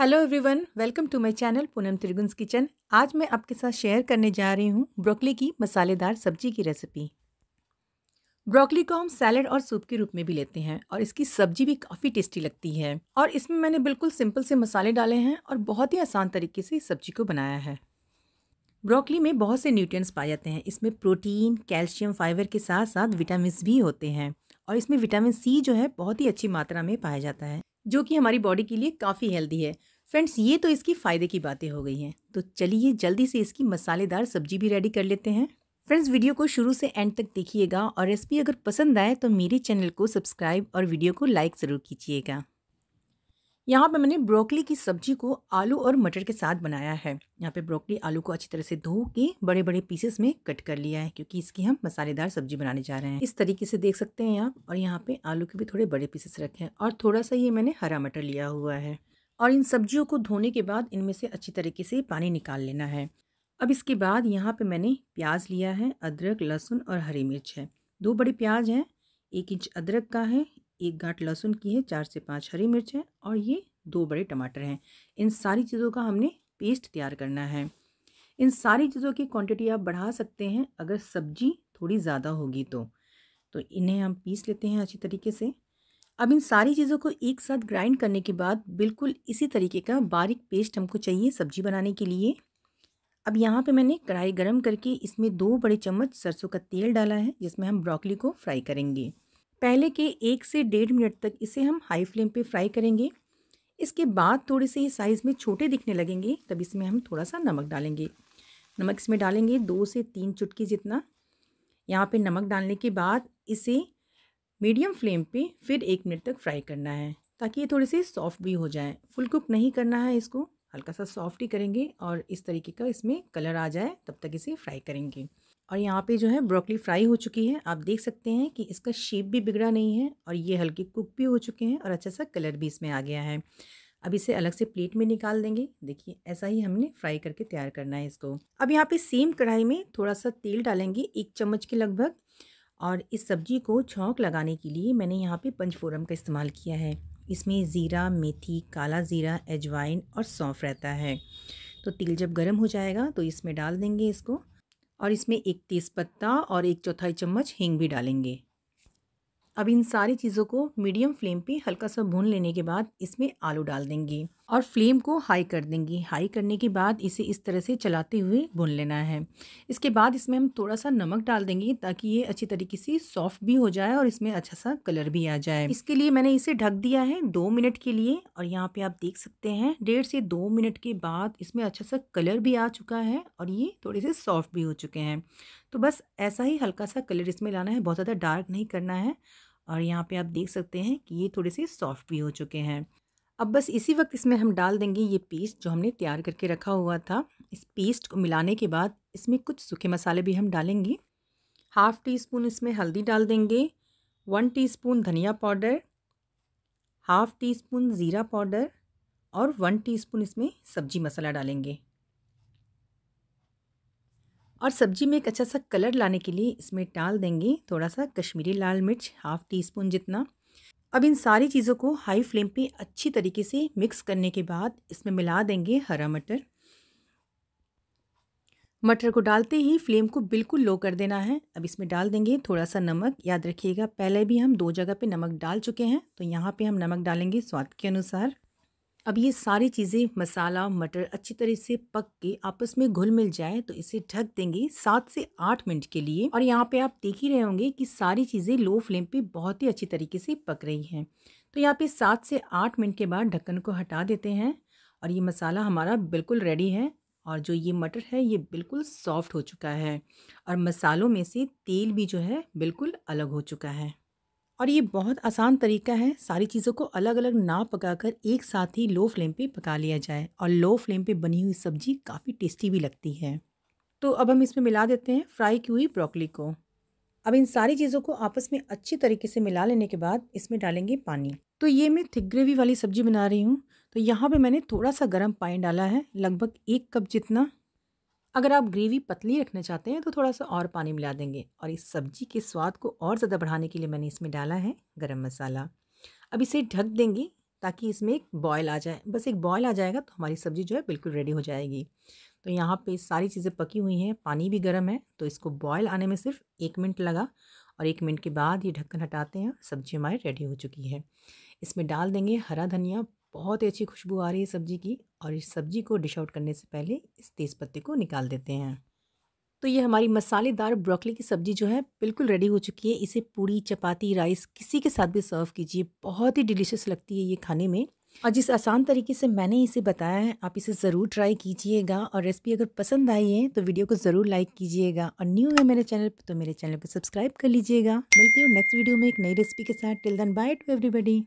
hello everyone welcome to my channel Poonam Trigun's kitchen आज मैं आपके साथ शेयर करने जा रही हूँ ब्रोकली की मसालेदार सब्जी की रेसिपी ब्रोकली को हम सैलड और सूप के रूप में भी लेते हैं और इसकी सब्जी भी काफ़ी टेस्टी लगती है और इसमें मैंने बिल्कुल सिंपल से मसाले डाले हैं और बहुत ही आसान तरीके से इस सब्जी को बनाया है ब्रोकली में बहुत से न्यूट्रिएंट्स पाए जाते हैं इसमें प्रोटीन कैल्शियम फाइबर के साथ साथ विटामिन भी होते हैं और इसमें विटामिन सी जो है बहुत ही अच्छी मात्रा में पाया जाता है जो कि हमारी बॉडी के लिए काफ़ी हेल्दी है फ्रेंड्स ये तो इसकी फ़ायदे की बातें हो गई हैं तो चलिए जल्दी से इसकी मसालेदार सब्जी भी रेडी कर लेते हैं फ्रेंड्स वीडियो को शुरू से एंड तक देखिएगा और रेसिपी अगर पसंद आए तो मेरे चैनल को सब्सक्राइब और वीडियो को लाइक ज़रूर कीजिएगा यहाँ पे मैंने ब्रोकली की सब्जी को आलू और मटर के साथ बनाया है यहाँ पे ब्रोकली आलू को अच्छी तरह से धो के बड़े बड़े पीसेस में कट कर लिया है क्योंकि इसकी हम मसालेदार सब्जी बनाने जा रहे हैं इस तरीके से देख सकते हैं आप और यहाँ पे आलू के भी थोड़े बड़े पीसेस रखे हैं और थोड़ा सा ये मैंने हरा मटर लिया हुआ है और इन सब्जियों को धोने के बाद इनमें से अच्छी तरीके से पानी निकाल लेना है अब इसके बाद यहाँ पे मैंने प्याज लिया है अदरक लहसुन और हरी मिर्च है दो बड़े प्याज हैं एक इंच अदरक का है एक गांठ लहसुन की है चार से पाँच हरी मिर्च है और ये दो बड़े टमाटर हैं इन सारी चीज़ों का हमने पेस्ट तैयार करना है इन सारी चीज़ों की क्वांटिटी आप बढ़ा सकते हैं अगर सब्जी थोड़ी ज़्यादा होगी तो तो इन्हें हम पीस लेते हैं अच्छी तरीके से अब इन सारी चीज़ों को एक साथ ग्राइंड करने के बाद बिल्कुल इसी तरीके का बारीक पेस्ट हमको चाहिए सब्जी बनाने के लिए अब यहाँ पे मैंने कढ़ाई गरम करके इसमें दो बड़े चम्मच सरसों का तेल डाला है जिसमें हम ब्रोकली को फ्राई करेंगे पहले के एक से डेढ़ मिनट तक इसे हम हाई फ्लेम पे फ्राई करेंगे इसके बाद थोड़े से साइज़ में छोटे दिखने लगेंगे तब इसमें हम थोड़ा सा नमक डालेंगे नमक इसमें डालेंगे दो से तीन चुटकी जितना यहाँ पे नमक डालने के बाद इसे मीडियम फ्लेम पे फिर एक मिनट तक फ्राई करना है ताकि ये थोड़े से सॉफ्ट भी हो जाए फुल कुक नहीं करना है इसको हल्का सा सॉफ्ट ही करेंगे और इस तरीके का इसमें कलर आ जाए तब तक इसे फ्राई करेंगे और यहाँ पे जो है ब्रोकली फ्राई हो चुकी है आप देख सकते हैं कि इसका शेप भी बिगड़ा नहीं है और ये हल्के कुक भी हो चुके हैं और अच्छा सा कलर भी इसमें आ गया है अब इसे अलग से प्लेट में निकाल देंगे देखिए ऐसा ही हमने फ्राई करके तैयार करना है इसको अब यहाँ पे सेम कढ़ाई में थोड़ा सा तेल डालेंगे एक चम्मच के लगभग और इस सब्जी को छौंक लगाने के लिए मैंने यहाँ पर पंचफोरम का इस्तेमाल किया है इसमें ज़ीरा मेथी काला ज़ीरा एजवाइन और सौंफ रहता है तो तेल जब गर्म हो जाएगा तो इसमें डाल देंगे इसको और इसमें एक तेज़पत्ता और एक चौथाई चम्मच हींग भी डालेंगे अब इन सारी चीज़ों को मीडियम फ्लेम पे हल्का सा भून लेने के बाद इसमें आलू डाल देंगे और फ्लेम को हाई कर देंगी हाई करने के बाद इसे इस तरह से चलाते हुए भून लेना है इसके बाद इसमें हम थोड़ा सा नमक डाल देंगे ताकि ये अच्छी तरीके से सॉफ्ट भी हो जाए और इसमें अच्छा सा कलर भी आ जाए इसके लिए मैंने इसे ढक दिया है दो मिनट के लिए और यहाँ पे आप देख सकते हैं डेढ़ से दो मिनट के बाद इसमें अच्छा सा कलर भी आ चुका है और ये थोड़े से सॉफ्ट भी हो चुके हैं तो बस ऐसा ही हल्का सा कलर इसमें लाना है बहुत ज़्यादा डार्क नहीं करना है और यहाँ पे आप देख सकते हैं कि ये थोड़े से सॉफ्ट भी हो चुके हैं अब बस इसी वक्त इसमें हम डाल देंगे ये पेस्ट जो हमने तैयार करके रखा हुआ था इस पेस्ट को मिलाने के बाद इसमें कुछ सूखे मसाले भी हम डालेंगे हाफ़ टी स्पून इसमें हल्दी डाल देंगे वन टी स्पून धनिया पाउडर हाफ़ टी स्पून ज़ीरा पाउडर और वन टी स्पून इसमें सब्जी मसाला डालेंगे और सब्जी में एक अच्छा सा कलर लाने के लिए इसमें डाल देंगे थोड़ा सा कश्मीरी लाल मिर्च हाफ़ टी स्पून जितना अब इन सारी चीज़ों को हाई फ्लेम पे अच्छी तरीके से मिक्स करने के बाद इसमें मिला देंगे हरा मटर मटर को डालते ही फ्लेम को बिल्कुल लो कर देना है अब इसमें डाल देंगे थोड़ा सा नमक याद रखिएगा पहले भी हम दो जगह पे नमक डाल चुके हैं तो यहाँ पे हम नमक डालेंगे स्वाद के अनुसार अब ये सारी चीज़ें मसाला मटर अच्छी तरह से पक के आपस में घुल मिल जाए तो इसे ढक देंगे सात से आठ मिनट के लिए और यहाँ पे आप देख ही रहे होंगे कि सारी चीज़ें लो फ्लेम पे बहुत ही अच्छी तरीके से पक रही हैं तो यहाँ पे सात से आठ मिनट के बाद ढक्कन को हटा देते हैं और ये मसाला हमारा बिल्कुल रेडी है और जो ये मटर है ये बिल्कुल सॉफ्ट हो चुका है और मसालों में से तेल भी जो है बिल्कुल अलग हो चुका है और ये बहुत आसान तरीका है सारी चीज़ों को अलग अलग ना पकाकर एक साथ ही लो फ्लेम पे पका लिया जाए और लो फ्लेम पे बनी हुई सब्ज़ी काफ़ी टेस्टी भी लगती है तो अब हम इसमें मिला देते हैं फ्राई की हुई ब्रोकली को अब इन सारी चीज़ों को आपस में अच्छे तरीके से मिला लेने के बाद इसमें डालेंगे पानी तो ये मैं थिक ग्रेवी वाली सब्ज़ी बना रही हूँ तो यहाँ पर मैंने थोड़ा सा गर्म पानी डाला है लगभग एक कप जितना अगर आप ग्रेवी पतली रखना चाहते हैं तो थोड़ा सा और पानी मिला देंगे और इस सब्जी के स्वाद को और ज़्यादा बढ़ाने के लिए मैंने इसमें डाला है गरम मसाला अब इसे ढक देंगे ताकि इसमें एक बॉयल आ जाए बस एक बॉयल आ जाएगा तो हमारी सब्ज़ी जो है बिल्कुल रेडी हो जाएगी तो यहाँ पे सारी चीज़ें पकी हुई हैं पानी भी गर्म है तो इसको बॉयल आने में सिर्फ एक मिनट लगा और एक मिनट के बाद ये ढक्कन हटाते हैं सब्जी हमारी रेडी हो चुकी है इसमें डाल देंगे हरा धनिया बहुत ही अच्छी खुशबू आ रही है सब्ज़ी की और इस सब्ज़ी को डिश आउट करने से पहले इस तेज़ पत्ते को निकाल देते हैं तो ये हमारी मसालेदार ब्रोकली की सब्ज़ी जो है बिल्कुल रेडी हो चुकी है इसे पूड़ी चपाती राइस किसी के साथ भी सर्व कीजिए बहुत ही डिलीशियस लगती है ये खाने में और जिस आसान तरीके से मैंने इसे बताया है आप इसे ज़रूर ट्राई कीजिएगा और रेसिपी अगर पसंद आई है तो वीडियो को ज़रूर लाइक कीजिएगा और न्यू है मेरे चैनल पर तो मेरे चैनल को सब्सक्राइब कर लीजिएगा मिलती हूँ नेक्स्ट वीडियो में एक नई रेसिपी के साथ till then bye to everybody